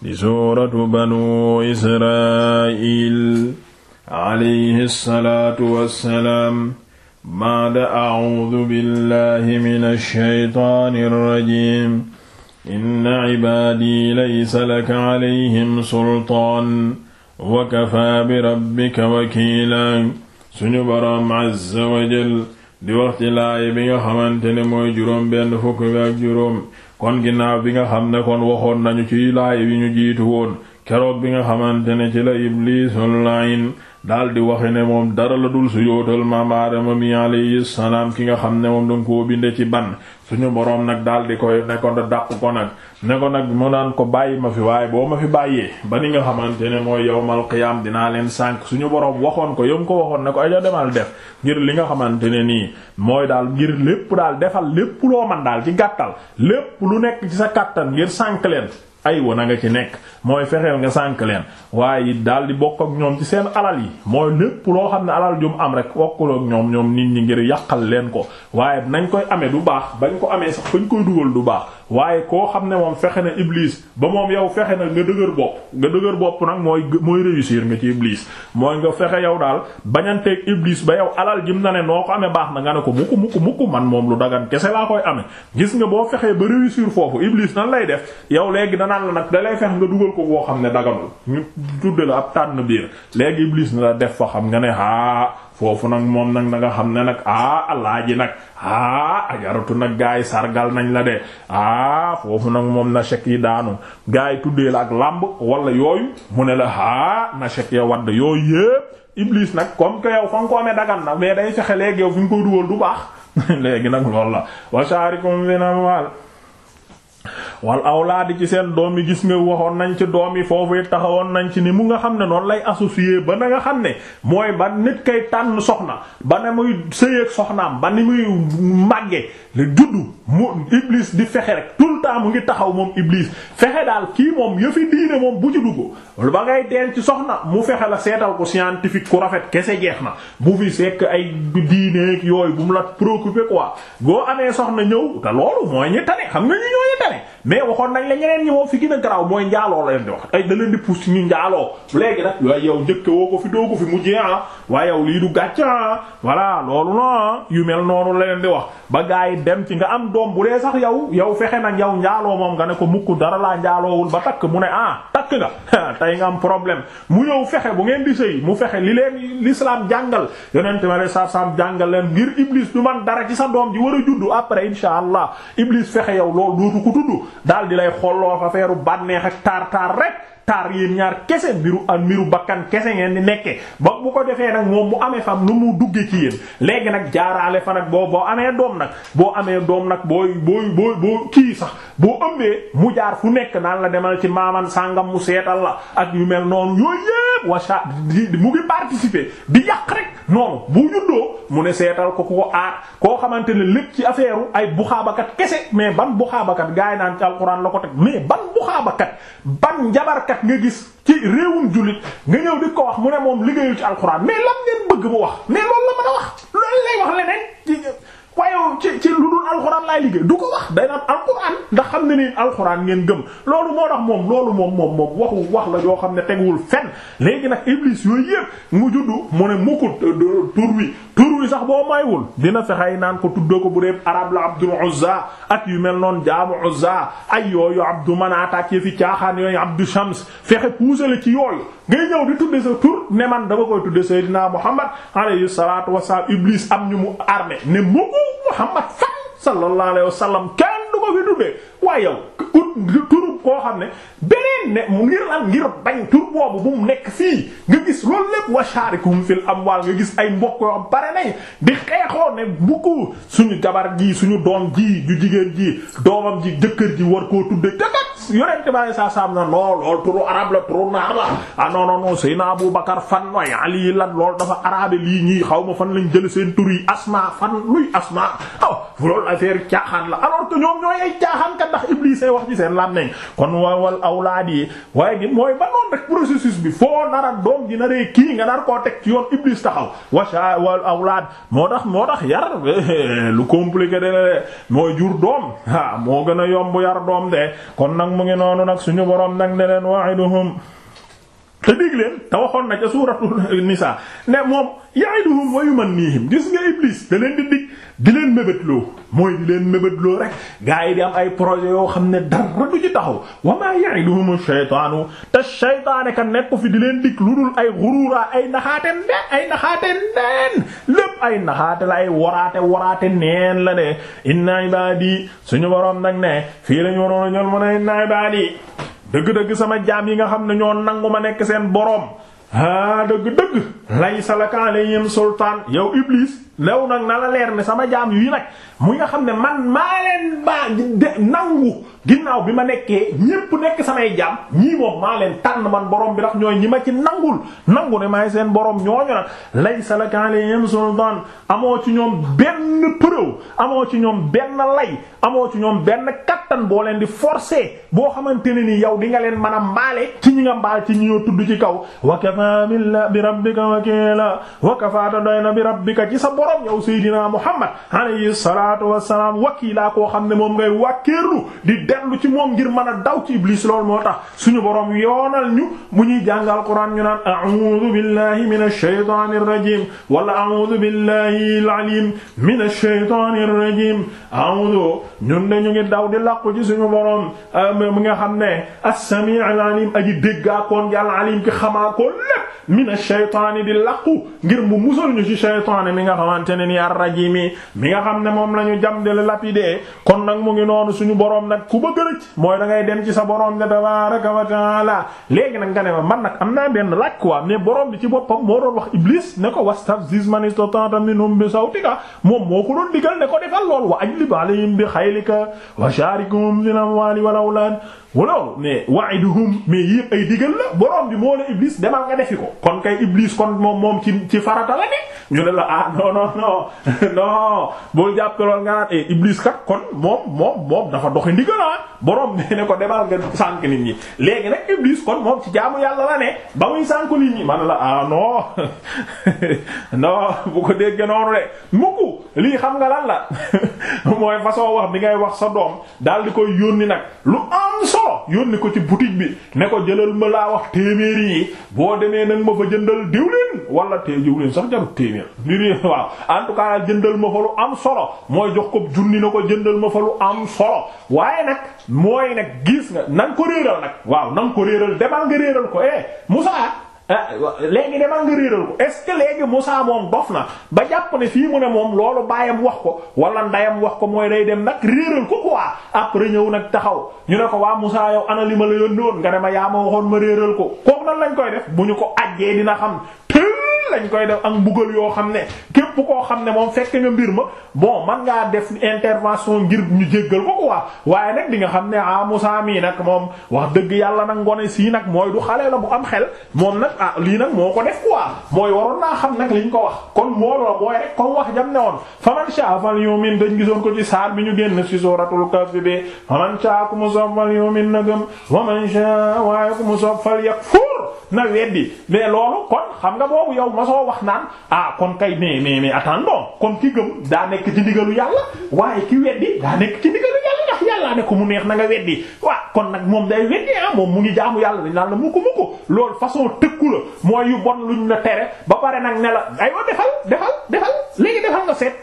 di suuratu banu israil alayhi salaatu wassalaam ba'da a'uudu billahi mina shaytaani rajiim inna cibaadii laysa laka calayhim sultaan wa kafaa bi rabbika wakiila suñu boroom azza wa jal di wax ci laay bi nga xamante ne mooy juróom benn fukk bi ak juróom kon ginnaaw bi nga xam ne kon waxoon nañu ci laay bi ñu jiitu woon keroog bi nga xamante ne ci la iblisul layin daal di waxe ne moom dara la dul sujootal maam aadama mi alayhi salaam ki nga xam ne moom danga koo binde ci ban suñu boroom nag daal di koy ne ko dàq ko nag ne ko nag mu naan ko bàyyi ma fi waaye boo ma fi bàyyee ba ni nga xamante ne mooy yowmal qiyaam dinaa leen sànk suñu boroom waxoon ko yom ko waxoon ne ko aja demal def ngir li nga xamante ne nii mooy daal ngir lépp daal defal lépp loo man daal ci gàttal lépp lu nekk ci sa kàttan ngir sànk leen ay wa na nga ci nekk mooy fexeel nga sànk leen waaye it daal di bokk ak ñoom ci seen alal yi mooy lépp loo xam ne alal jum am rek bokkul ak ñoom ñoom nit ñi ngir yàqal leen ko waaye nañ koy amee du baax bañ ko amee sax fañ koy dugal du baax waaye koo xam ne moom fexe na iblis ba moom yow fexe na nga dëgër bopp nga dëgër bopp nag mooy mooy réussir nga ci iblis mooy nga fexe yow daal bañanteeg iblis ba yow alal jim na ne noo ko amee baax na nga ne ko mukk mukk mukk man moom lu dagan kese laa koy amee gis nga boo fexee ba réussir foofu iblis nan lay def yow dugal ko boo xam ne daganul ñu tudde la ab tànn biir léegi Iblis na la def fa xam nga ne aa ah, foofu nag moom nag na nga xam ne nag aa ah, alaaji nag aa ah, ajaratu nag gaay sargal nañ la de aa foofu nag moom na chek yi daanu gaay tuddee la ak làmb wala yooyu mu ne la aa na chek ya wadd yooyu yépp Iblis nag comme que yow fa nga ko amee dagan na mais day fexe léegi yow fi nga ko dugal du baax léegi nag loolu la wasaarikum fi na wal awlaadi ci seen doom yi gis nga waxoon nañ ci doom yi foofu taxawoon nañ ci ni mu nga xam ne noonu lay associé ba na nga xam ne mooy ba nit kay tànn soxna ba ne muy sëyeeg soxnaam ba ni muy màgge le juddu mu iblis di fexe rek tout le temps mu ngi taxaw moom iblis fexe daal kii moom yëfi diine moom bu ci dugg ba ngay denc ci soxna mu fexe la seetal ko scientifique ku rafet kese jeex na bu fi sekk ay diineeg yooyu bu mu la préoccuper quoi boo amee soxna ñëw te loolu mooy mais waxoon nañ la ñeneen ñi moom fi gën a garaaw mooy njaaloo la leen di wax ay da leen di pousse ñu njaaloo léegi nag waaye yow njëkke woo ko fi doo ko fi mujjee ah waaye yow lii du gàcc ah voilà loolu na ah. yu mel noonu la leen di wax ba gars yi dem ci nga am doom bu dee sax yow yow fexe nag yow njaaloo moom nga ne ko mukk dara laa njaaloowul ba takk mu ne ah takk nga tey nga am problème mu ñëw fexe bu ngeen di sëy mu fexe li leen l'islam jàngal yonente ma le sa sam jàngal leen ngir iblis du man dara ci sa doom ji war a juddu après insha allah iblis fexe yow loolu ko tudd daal di lay xolloo fa feeru bànneex ak taar taar rek taar yéen ñaar kese mbiru am mbiru bakkan kese ngeen di nekkee ba bu ko defee nag moom mu amee fam nu mu duggee ci yéen léegi nag jaaraale fa nag boo boo amee doom nag boo amee doom nag booy booy booy boo kii sax boo ëmbee mu jaar fu nekk naan la demal ci maamam sàngam mu seetal la ak yu mel noonu yooyu yépp wacha mu ngi participer di yàq rek noonu bu juddoo mu ne seetal ko ku ko aar koo xamante ne lépp ci affaire ay buxaabakat kese mais ban buxaabakat gaa yi naan ci alxuraan la ko teg mais ban buxaabakat ban njabarkat nga gis ci réewum jullit nga ñëw di ko wax mu ne moom liggéeyul ci alxuraan mais lan ngeen bëgg mu wax mais loolu la mën a wax loolu lay wax leneen ci ci ci alxuraan laay liggéey du ko wax day naan alxuraan ndax xam ne ni alxuraan ngeen gëm loolu moo tax moom loolu waxu wax la yoo xam ne teguwul fen léegi nag iblis yooyu mu juddu mu ne mukkut tur wi tur wi sax boo maywul dina fexey naan ko tuddoo ko bu dee arab la Abdul Uzza ak yu mel noonu jaamu Uzza ay yooyu Abdu Manaat ci yëfi caaxaan yooyu Abdu Shams fexe puusale ci yooyu ngay ñëw di tudde sa tur ne man dama koy tudde Seydina Muhammad alayhi salaatu wassalaam iblis am ñu mu armé ne sallallahu alayhi wa sallam kenn du ko fi tuddee waaye yow ut turub koo xam ne beneen ne mu ngir lan ngir bañ tur boobu bu mu nekk fii nga gis loolu lépp wa sharikum fil amwal nga gis ay mbokk yoo bare nañ di xeexoo ne bukku suñu jabar ji suñu doom ji ju jigéen ji doomam ji jëkkër ji war koo tudde jagat yorente bale sa sam na non loolu turu arab la turu naar la ah non non non Abu Bakar fan way Ali lan loolu dafa arabe lii ñii xaw ma fan lañ jël seen tur yi asma fan luy asma ah, caaxaankat ndax iblis ay wax ci seen làmmeñ kon wal awlaad yi waaye gi mooy ba noon rek processus bi foo nara doom ji naree kii nga nar koo teg ci yoon iblis taxaw waca wal awlaad moo tax moo tax yar lu compliqué de mooy jur doom haa moo gën a yomb yar doom de kon nag mu ngi noonu nag suñu borom nag ne leen te dégg leen te waxoon na ca suuratul nisaa ne moom ya'iduhum wa yumannihim gis nga iblis da leen di dig di leen mébétloo mooy di leen mébétloo rek gaa yi di am ay projet yoo xam ne dara du ci taxaw wa maa ya'iduhum shaytaanu te shaytaane kan nekk fi di leen dig lu ay xururaa ay naxaate ay naxaate neen lépp ay naxaate la ay waraate waraate neen la ne inna ibaadi suñu waroon nag ne fii lañu waroon a ñool inna ibaadi dëgg-dëgg sama jaam yi nga xam ne ñoo nangu ma nekk seen boroom haa dëgg-dëgg lay salaka alayhim sultaan yow iblis lew nag na la leer ne sama jaam yi nag muy nga xam ne man maa leen baa nangu ginnaaw bi ma nekkee ñépp nekk samay jaam ñii moom maa leen tànn man borom bi ndax ñooy ñi ma ci nangul nangu ne maay seen borom ñooñu nag laysa laka alayhim sultaan amoo ci ñoom benn preuve amoo ci ñoom benn lay amoo ci ñoom benn kattan boo leen di forcer boo xamante ne ni yow di nga leen mën a mbaale ci ñi nga mbaal ci ñi ñoo tudd ci kaw wa kafa billa bi rabbika wakiila wa kafaata doy na bi rabbika ci sa borom yow seydinaa muhammad alayhi salaatu wassalaam wakiila koo xam ne moom ngay wàkkeerlu dellu ci moom ngir mën a daw ci iblis loolu moo tax suñu borom yoonal ñu bu ñuy jàng alquran ñu naan a'udhu billahi minash shaytanir rajim wala a'udhu billahi al-alim minash shaytanir rajim a'udhu ñun de ñu ngi daw di làqu ci suñu borom euh, mi nga xam ne as-sami'ul alim aji déggaakoon yàlla alim ki xamaakoon mina shaytaani di laqu ngir mu musal ñu ci shaytaani mi nga xamante ne ni ar-rajimi mi nga xam ne moom la ñu jam di lapidé kon nag mu ngi noonu suñu borom nag ku ba rëcc mooy da ngay dem ci sa borom ne tabaaraka wa taala léegi nag nga ne ma man nag am naa benn laaj quoi mais borom bi ci boppam moo doon wax iblis ne ko wastafziz man istata'ta minhum bi sawtika moom moo ko doon digal ne ko defal lool wa ajlib alayhim bi wala mais wa'iduhum mais yépp ay digal la bi moo ne iblis demal nga ko kon kay Iblis kon moom moom ci ci farata la ne ñu ne la ah non non non non boo jàpp loolu nga naan eh, Iblis kat kon moom moom moom dafa doxi ndigal ah borom nee ne ko demal nga sànk nit léegi nag Iblis kon moom ci jaamu yàlla la ba muy sànk nit ñi man la ah non non bu ko déggee noonu de mukk lii xam nga lan la mooy façon wax bi ngay wax sa doom daal di koy yónni nag lu am solo yónni ko ci boutique bi ne ko jëlal ma laa wax téeméeri yi boo demee nag ma fa jëndal diwlin wala te diwlin sax jarut téeméer li waaw en tout jëndal ma fa lu am solo mooy jox ko junni na ko jëndal ma fa lu am solo waaye nag mooy nag gis nga na ko réeral nag waaw na ko réeral demal nga réeral ko eh Moussa. Ah, léegi demal nga réeral ko est ce que moom dof na ba jàpp ne fii mu ne moom loolu baayam wax ko wala ndayam wax ko mooy day dem nag réeral ko quoi après ñëw nag taxaw ñu ne ko waa Moussa yow ana li ma la woon nga ne ma yaa ma waxoon ma réeral ko kooku nan lañ koy def bu ñu ko ajjee dina xam. lañ koy def ak mbugal yoo xam ne képp koo xam ne moom fekk nga mbir ma bon man ngaa def intervention ngir ñu jéggal ko quoi waaye nag di nga xam ne ah Moussa mii nag moom wax dëgg yàlla nag ngone si nag mooy du xale la bu am xel moom nag ah lii nag moo ko def quoi mooy waroon naa xam nag liñ ko wax kon moo la ko rek kon wax jam ne woon faman sha fal yu'min dañ gisoon ko ci saar bi ñu génn ci suratul kaf bi faman sha ku mu sob fal yu'min na weddi mais loolu kon xam nga boobu yow ma soo wax naan ah kon kay mais mais mais attendons kon ki gëm daa nekk ci ndigalu yàlla waaye ki weddi daa nekk ci ndigalu yàlla ndax yàllaa ne ko mu neex na nga weddi waaw kon nag moom day weddi ah moom mu ngi jaamu yàlla dañ naan la mu ko mu façon tëkku la mooy yu bon luñ la tere ba pare nag ne la aywa defal defal defal léegi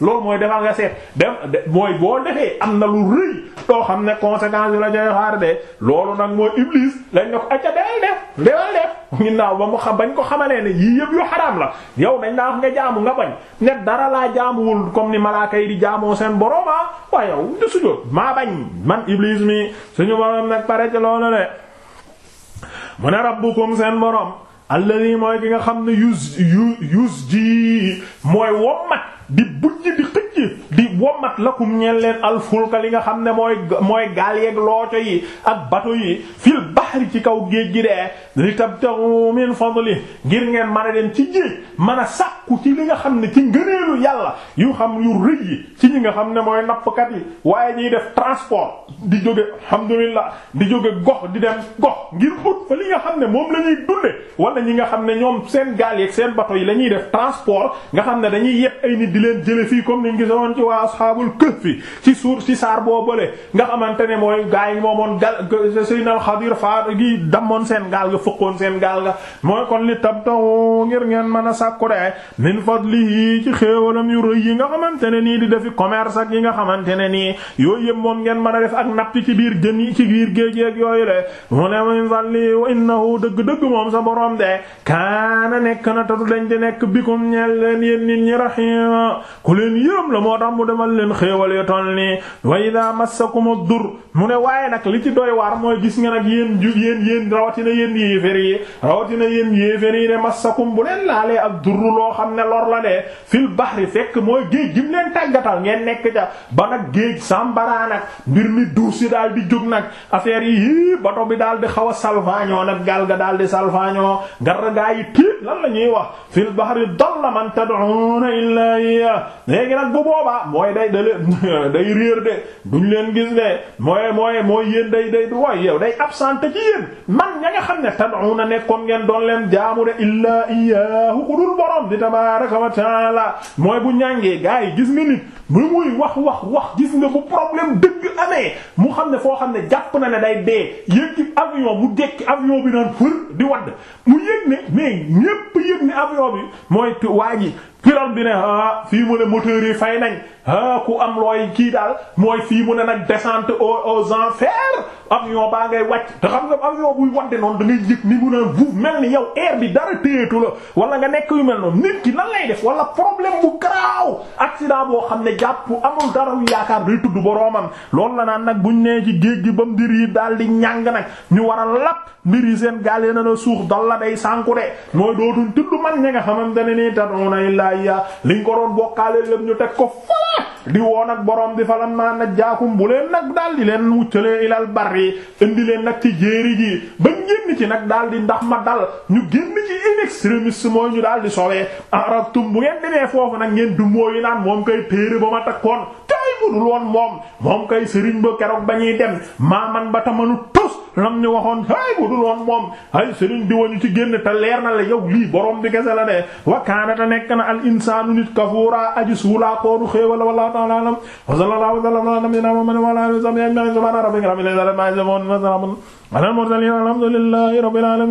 loolu mooy defal nga seet dem mooy boo defee am na lu rëy doo xam ne conséquence yi la ñuy xaar de loolu nag mooy iblis lañ ne ko acca defal def naaw ba mu xam bañ ko xamalee ne yii yëpp yu xaraam la yow nañ naa wax nga jaamu nga bañ ne dara laa jaamuwul comme ni malaaka yi di jaamoo seen boroma ah. waa yow du sujjóot maa bañ man iblis mi suñu borom nag pare ci loolu ne mu ne rabbukum seen borom alladi mooy ki nga xam ne yus yus ji mooy wommat di bujj di xëcc di wommat lakum ñeen leen alfulka li nga xam ne mooy mooy gaal yeeg looco yi ak bato yi fil bahri ci kaw géej gi de li tabtahu min fadli ngir ngeen mane a dem ci géej mën a sàkku ci li nga xam ne ci ngëneelu yàlla yu xam yu rëy yi ci ñi nga xam ne mooy nappkat yi waaye ñiy def transport di jóge alhamdulillah di jóge gox di dem gox ngir ut fa li nga xam ne moom la ñuy dunde wala ñi nga xam ne ñoom seen gaal yeeg seen bato yi la ñuy def transport nga xam ashaabul kahfi ci suur ci saar boobale nga xamante ne mooy gaa yi moomoon gal sayyidina Xadir fa gi dammoon seen gaal nga fëqoon seen gaal nga mooy kon li tabtahu ngir ngeen mën a sàkku de min fadlihi ci xéewalam yu yi nga xamante ne nii di defi commerce ak yi nga xamante ne nii yooyu yëpp moom ngeen mën a def ak napp ci biir jën yi ci biir géej géej yooyu le mu ne min fadlihi wa dëgg-dëgg moom sa borom de kaana nekk na tatu dañ di nekk bikum ñeel leen yéen nit ñi rahima ku leen yërëm la moo tax mu defal leen xéewal toll nii wa idha massakum ad-dur mu ne waaye nag li ci doy waar mooy gis nga nag yéen ju yéen yéen rawatina yéen yéefér yi rawatina yéen yéefér yi de massakum bu leen laalee ak dur loo xam ne lor la de fil bahri fekk mooy géej gi leen tàggatal ngeen nekk ca ba nag géej sàmbaraa nag mbir mi duus si daal di jóg nag affaire yi bato bi daal di xaw a salvaañoo nag gaal ga daal di salvaañoo garra gaa yi tiit lan la ñuy wax fil bahri dalla man tad'una mooy day da leen day réer de duñ leen gis de mooy mooy mooy yéen day du wooy yow day absente ci yéen man ña nga xam ne tad'una nekkoon ngeen doon leen jaamu de illaa iyyaahu ku dul borom di tabaaraka wa mooy bu ñàngee gaa yi gis nga nit bu muy wax wax wax gis nga bu problème dëgg amee mu xam ne foo xam ne jàpp na ne day dee yéeg ci bu dekki avion bi fër di wadd mu yéeg ne mais ñépp yéeg ne avion mooy waa ji firam bi ne ah fii mu ne moteur yi fay nañ ah ku am looy kii daal mooy fii mu ne nag descente aux aux enfers avion baa ngay wàcc te xam nga avion buy wadde noonu da ngay yëg ni bi dara téyetu la wala nga nekk yu mel noonu nit ki lan lay def wala problème bu garaaw accident boo xam ne jàpp amul dara lu yaakaar day tudd boroomam loolu la naan nag buñ nee ci géej gi ba mbir yi daal di ñàng nag ñu war a lap mbir yi seen gaal yi na suux dal la day sànku de mooy dootuñ tudd man ne ilayya liñ ko doon bokkaale lépp ñu teg ko fala di woon ak borom bi falam maa najjaakum bu leen nag daal di leen wuccalee ilal barri indi leen nag ci jéeri ji ba génn ci nag daal di ndax ma dal ñu génn ci in extremis mooy ñu daal di sowee arabtum bu ngeen demee foofu nag ngeen du mooyu naan moom koy téere ba ma takkoon tay budul woon moom moom koy sëriñ ba keroog ba ñuy dem maaman ba tamanu lam ñu waxoon hay bu dul woon moom hay sëriñ di woñu ci génn te leer na la yow lii borom bi gese la de wa kaana te nekk na al insaanu nit kafuura aji suulaa koodu xéewal wallahu ta'ala alam wa sallallahu alayhi wa sallam